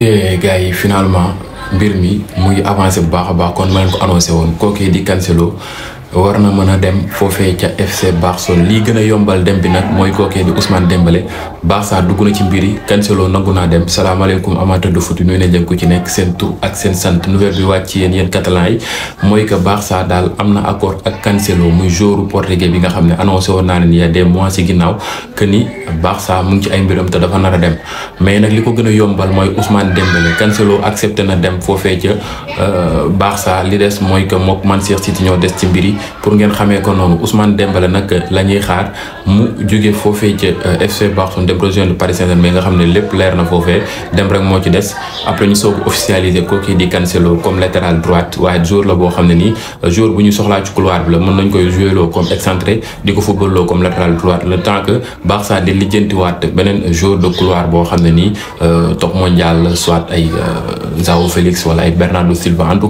Eh, gars yi finalement mbir mi muy ngi bu baax a baax kon ma leen ko annoncé woon kooku di Cancelo war na mën a dem foofee ca FC Barcelone lii gën a yombal dem bi nag mooy kookee di Ousmane baax saa dugg na ci mbir yi Cancelo nangu naa dem salaamaaleykum amateur de foot nuyu nañ ci nekk seen ak seen sant nouvelle bi wàcc yéen yéen catalan yi mooy que Barça daal am na accord ak Cancelo muy joueur portugais bi nga xam ne annoncé woon naa ne nii y a des mois ci ginnaaw que ni Barça mu ngi ci ay mbiram te dafa nar a dem mais nag li ko gën a yombal mooy Ousmane Dembélé Cancelo accepté na dem foofee ca euh, Barça li des mooy que mook Manchester City ñoo des ci mbir pour ngeen xamee ko noonu Ousmane Dembélé nag la ñuy xaar mu jóge foofee ca euh, FC Barcelone dem rejoindre Paris Saint-Germain nga xam ne lépp leer na foofee dem rek moo ci des après ñu soog officialiser ko kii di Cancelo comme latéral droite waaye joueur la boo xam ne nii euh, joueur bu ñu soxlaa ci couloir bi la mën nañ koy joué loo comme excentré di ko football loo comme latéral droite le temps que Barça di lijjantiwaat beneen joueur de couloir boo xam ne nii euh, top mondial soit ay João Félix wala ay Bernardo Silva en tout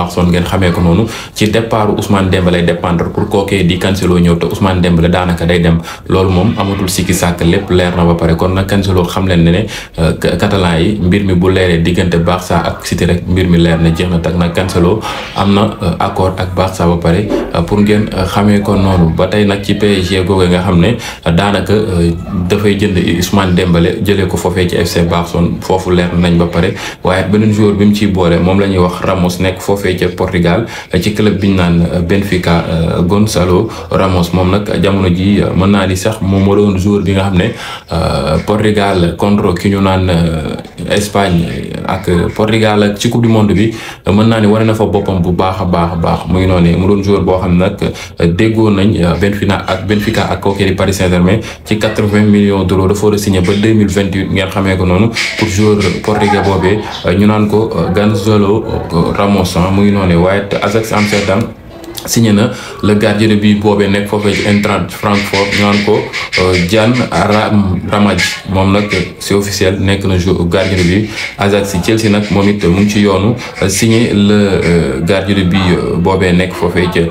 baax son ngeen xamee ko noonu ci départ Ousmane Dembélé daanaka day dem loolu moom amatul sikki sàkk lépp leer na ba pare kon nag Cancelo xam leen euh, yi mbir mi bu leeree diggante Barça ak City rek mbir mi leer na jeex na tak nag Cancelo am na euh, accord ak Barça ba pare euh, pour ngeen xamee ko noonu ba tey nag ci PSG googu nga xam ne daanaka dafay jënd Ousmane Dembélé jëlee ko foofee ci FC Barcelone foofu leer nañ ba pare waaye beneen joueur bi mu boole moom la wax Ramos nekk foofee foofee ca Portugal ci club bi naan euh, Benfica euh, Gonçalo Ramos moom nag jamono ji euh, mën naa di sax moom moo doon jour bi nga xam ne Portugal contre ki ñu naan Espagne ak Portugal ak ci coupe du monde bi mën naa ne wane na fa boppam bu baax a baax baax mu ngi noonu mu doon joueur boo xam ne nag déggoo nañ Benfica ak Benfica ak kooku di Paris Saint-Germain ci quatre-vingts millions d'euros dafa war a ba ngeen xamee ko noonu pour joueur portugais boobee ñu naan ko Gonçalo Ramos ah, mu ngi noonu waaye te Ajax Amsterdam signé na le gardien bi boobee nekk foofee ci Eintracht Francfort ñu ko. Euh, Dian Ramad moom nag c'est officiel nekk na joueur gardien de but Ajax Chelsea nag moom it mu ngi ci yoonu euh, signé le euh, gardien de but boobee nekk foofee ca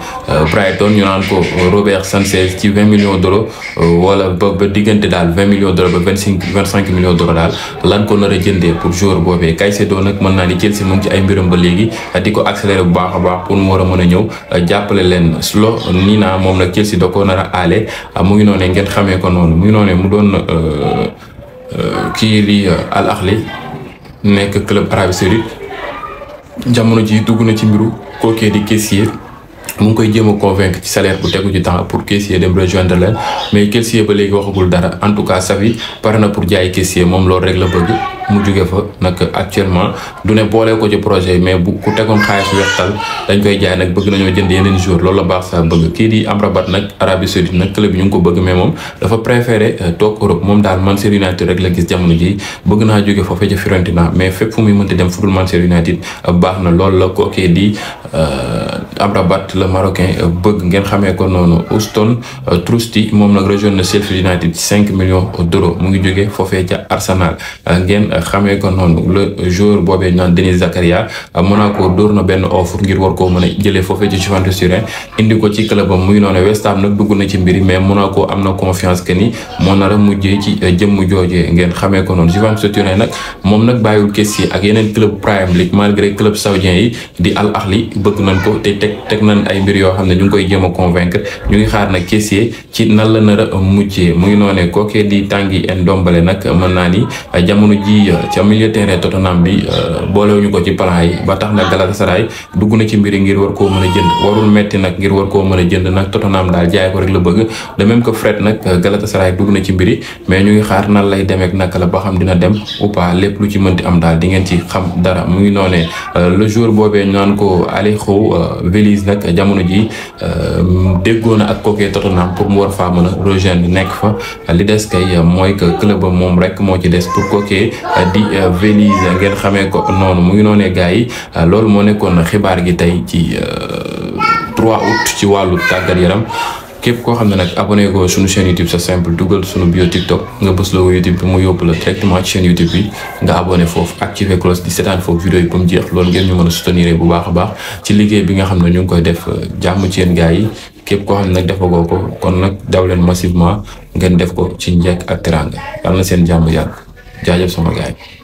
Brighton ñu naan ko Robert Sanchez ci vingt millions d'euros wala ba ba diggante daal vingt millions d'euros ba vingt cinq vingt cinq millions d'euros daal lan ko nar a jëndee pour joueur boobee Caicedo nag mën naa ni Chelsea mu ngi ci ay mbiram ba léegi di ko accélérer bu baax a baax pour mu war a mën a ñëw jàppale leen Slow nii naa moom nag Chelsea da ko nar a aale mu ngi noonu ngeen xamee ko noonu muy noonee mu doon euh, euh, kii li euh, Al Ahly nekk club Arabie Saoudite jamono ji dugg na ci mbiru kookee di caissier mu ngi koy jéem a convaincre ci salaire bu tegu ci temps pour caissier dem rejoindre leen mais caissier ba léegi waxagul dara en tout cas Xavi pare na pour jaay caissier moom loolu rek la bëgg. mu jóge fa nag actuellement du ne boolee ko ci projet mais bu ku tegoon xaalis wextal dañ koy jaay nag bëgg nañoo jënd yeneen jour loolu la Barça bëgg kii di Amrabat rabat nag Arabie Saoudite nag ñu ngi ko bëgg mais moom dafa préféré euh, toog Europe moom daal Manchester United rek la gis jamono ji bëgg naa jóge foofe ca Fiorentina mais fépp fu muy mënti dem fu dul Manchester euh, baax na loolu la kookee di euh, Amrabat le Marocain bëgg ngeen xamee ko noonu Houston Trusty moom nag rejoint na Sheffield United cinq millions d'euros mu ngi jóge foofee ca Arsenal ngeen xamee ko noonu le joueur boobee ñu naan Denis Zakaria Monaco dóor na benn offre ngir war koo mën a jëlee foofee ci Juventus Turin indi ko ci clubam muy noonu West Ham nag dugg na ci mbiri mais Monaco am na confiance que ni moo nar a mujjee ci euh, jëmm joojee ngeen xamee ko noonu Juventus Turin nag moom nag bàyyiwul kes yi ak yeneen club Premier League malgré club saoudien yi di Al Ahli bëgg nañ ko te teg teg nañ ay mbir yoo xam ne ñu ngi koy jéem a convaincre ñu ngi xaar nag Kessié ci nan la nar a mu muy noonee kookee di Tanguy Ndombele nag mën naa ni jamono ji bi ca milieu terrain Tottenham bi euh, boolewuñu ko ci plan yi ba tax na Galatasaray dugg na ci mbiri ngir war ko mën a jënd warul metti nag ngir war koo mën a jënd nag Tottenham daal jaay ko rek la bëgg de même que Fred nag euh, Galatasaray dugg na ci mbiri mais ñu ngi xaar nan lay demeek naka la ba xam dina dem ou pas lépp lu ci mënti am daal di ngeen ci xam dara mu ngi noonee euh, le jour boobee ñu naan ko Alejo Vélez nag jamono ji déggoo na ak kookee Tottenham pour mu war faa mën a rejoindre nekk fa li des kay mooy que club moom rek moo ci des pour kookee di euh, Venise ngeen xamee ko noonu mu ngi noonee gars yi euh, loolu moo nekkoon xibaar gi tey ci 3 euh, août ci wàllu tàggat yaram képp koo xam ne nag abonné ko suñu chaîne YouTube c'est simple dugal suñu bio TikTok nga bës logo YouTube bi mu yóbbu la directement ci chaîne YouTube bi nga abonné foofu activé cloche di seetaan foofu vidéo yi ba mu jeex loolu ngeen ñu mën a soutenir bu baax a baax ci liggéey bi nga xam ne ñu ngi koy def jàmm ci yéen gaa yi képp koo xam ne nag defagoo ko kon nag daw leen massivement ngeen def ko ci njëkk ak teranga yàlla na seen jàmm yàgg jaajëf sama gaay